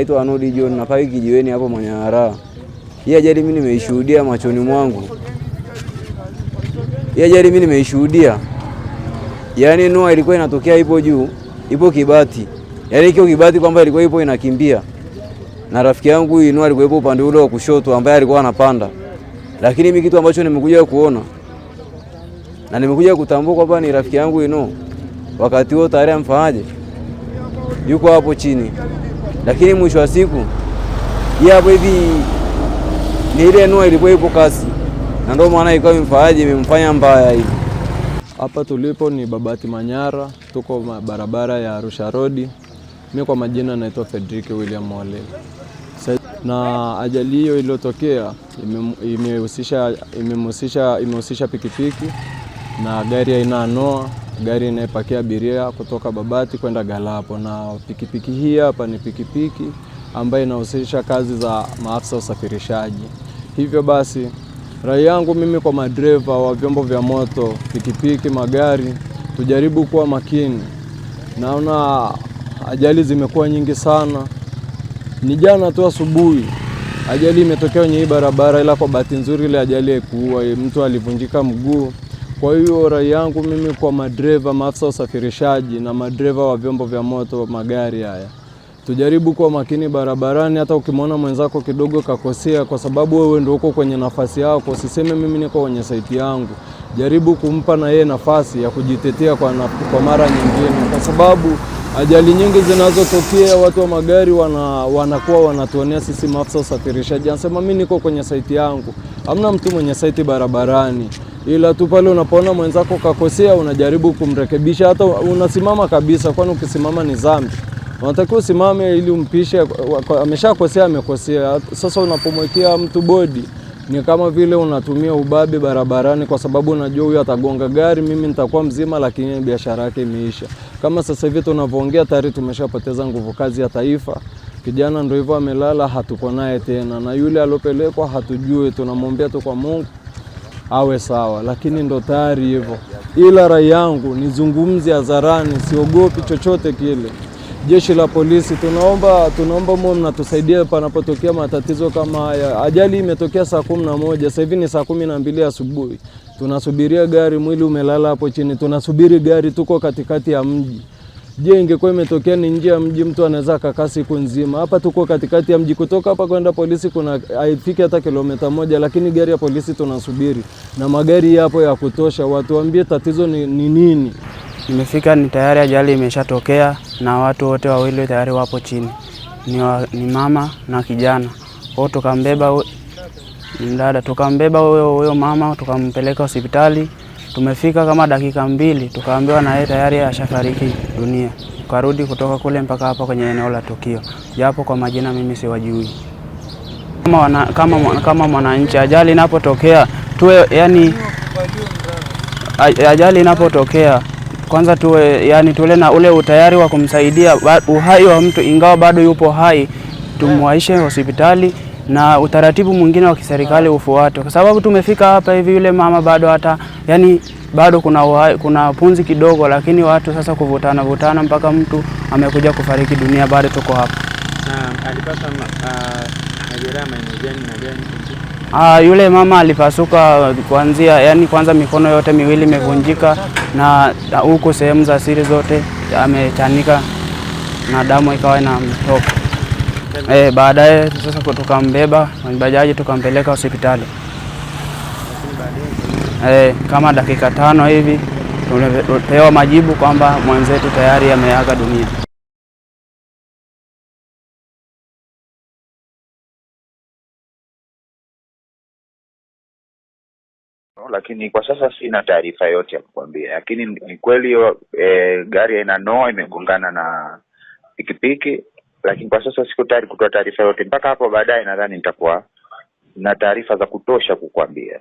Naitwa Anodi John, napai kijiweni hapo Manyara. Hii ajali mimi nimeishuhudia machoni mwangu, hii ajali mimi nimeishuhudia. Yaani Noah ilikuwa inatokea ipo juu, ipo Kibati, yaani hiyo Kibati kwamba ilikuwa ipo inakimbia, na rafiki yangu hii Noah alikuwa ipo upande ule wa kushoto, ambaye alikuwa anapanda. Lakini mimi kitu ambacho nimekuja kuona na nimekuja kutambua kwamba ni rafiki yangu hii Noah, wakati huo tayari amfahaje, yuko hapo chini lakini mwisho wa siku hii hapo hivi ni ile nua ilikuwa ipo kasi, na ndio maana ikawa imfaaje imemfanya mbaya hivi. Hapa tulipo ni Babati Manyara, tuko barabara ya Arusha Road. Mi kwa majina naitwa Fredrick William Mole. na ajali hiyo iliyotokea imehusisha ime ime pikipiki na gari aina ya Noah gari inayepakia abiria kutoka Babati kwenda Galapo, na pikipiki hii hapa ni pikipiki ambayo inahusisha kazi za maafisa usafirishaji. Hivyo basi, rai yangu mimi kwa madereva wa vyombo vya moto, pikipiki, magari, tujaribu kuwa makini. Naona ajali zimekuwa nyingi sana. Ni jana tu asubuhi ajali imetokea kwenye hii barabara, ila kwa bahati nzuri ile ajali haikuua mtu, alivunjika mguu. Kwa hiyo rai yangu mimi kwa madereva, maafisa usafirishaji na madereva wa vyombo vya moto, magari haya, tujaribu kuwa makini barabarani. Hata ukimwona mwenzako kidogo kakosea, kwa sababu wewe ndio uko kwenye nafasi yako, usiseme mimi niko kwenye saiti yangu. Jaribu kumpa na yeye nafasi ya kujitetea kwa, na, kwa mara nyingine, kwa sababu ajali nyingi zinazotokea watu wa magari wana, wanakuwa wanatuonea sisi maafisa usafirishaji, anasema mimi niko kwenye saiti yangu. Hamna mtu mwenye saiti barabarani ila tu pale unapoona mwenzako kakosea, unajaribu kumrekebisha, hata unasimama kabisa, kwani ukisimama ni dhambi. Unatakiwa usimame ili umpishe. Ameshakosea, amekosea. Sasa unapomwekea mtu bodi ni kama vile unatumia ubabe barabarani, kwa sababu unajua huyu atagonga gari, mimi nitakuwa mzima, lakini biashara yake imeisha. Kama sasa hivi tunavyoongea, tayari tumeshapoteza nguvu kazi ya taifa. Kijana ndio hivyo, amelala, hatuko naye tena, na yule aliopelekwa hatujui, tunamwombea tu kwa Mungu awe sawa, lakini ndo tayari hivyo. Ila rai yangu nizungumze hadharani, siogopi chochote kile. Jeshi la polisi tunaomba, tunaomba mwe mnatusaidia panapotokea matatizo kama haya. Ajali imetokea saa kumi na moja sasa hivi ni saa kumi na mbili asubuhi, tunasubiria gari, mwili umelala hapo chini, tunasubiri gari, tuko katikati ya mji Je, ingekuwa imetokea ni nje ya mji, mtu anaweza kakaa siku nzima. Hapa tuko katikati ya mji, kutoka hapa kwenda polisi kuna haifiki hata kilomita moja, lakini gari ya polisi tunasubiri na magari yapo ya kutosha. Watuambie tatizo ni, ni nini? Nimefika ni tayari ajali imeshatokea na watu wote wawili tayari wapo chini, ni, wa, ni mama na kijana kwao. Tukambeba mdada, tukambeba huyo mama tukampeleka hospitali Tumefika kama dakika mbili, tukaambiwa na yeye tayari ashafariki dunia. Tukarudi kutoka kule mpaka hapa kwenye eneo la tukio, japo kwa majina mimi siwajui. Kama wana, kama, kama mwananchi, ajali inapotokea tuwe yani, ajali inapotokea kwanza tuwe yani, tuwe na ule utayari wa kumsaidia uhai wa mtu, ingawa bado yupo hai, tumwaishe hospitali na utaratibu mwingine wa kiserikali ufuate, kwa sababu tumefika hapa hivi, yule mama bado hata yani bado kuna, kuna punzi kidogo, lakini watu sasa kuvutana vutana mpaka mtu amekuja kufariki dunia, bado tuko hapa. Ah, ah, yule mama alipasuka kuanzia yani, kwanza mikono yote miwili imevunjika, na huko sehemu za siri zote amechanika na damu ikawa inamtoka eh, baadaye sasa tukambeba bajaji tukampeleka hospitali eh, kama dakika tano hivi tulipewa majibu kwamba mwenzetu tayari ameaga dunia. Lakini kwa sasa sina taarifa yote ya kukwambia, lakini ni kweli e, gari aina noa imegongana na pikipiki lakini kwa sasa siko tayari kutoa taarifa yote. Mpaka hapo baadaye, nadhani nitakuwa na taarifa za kutosha kukuambia.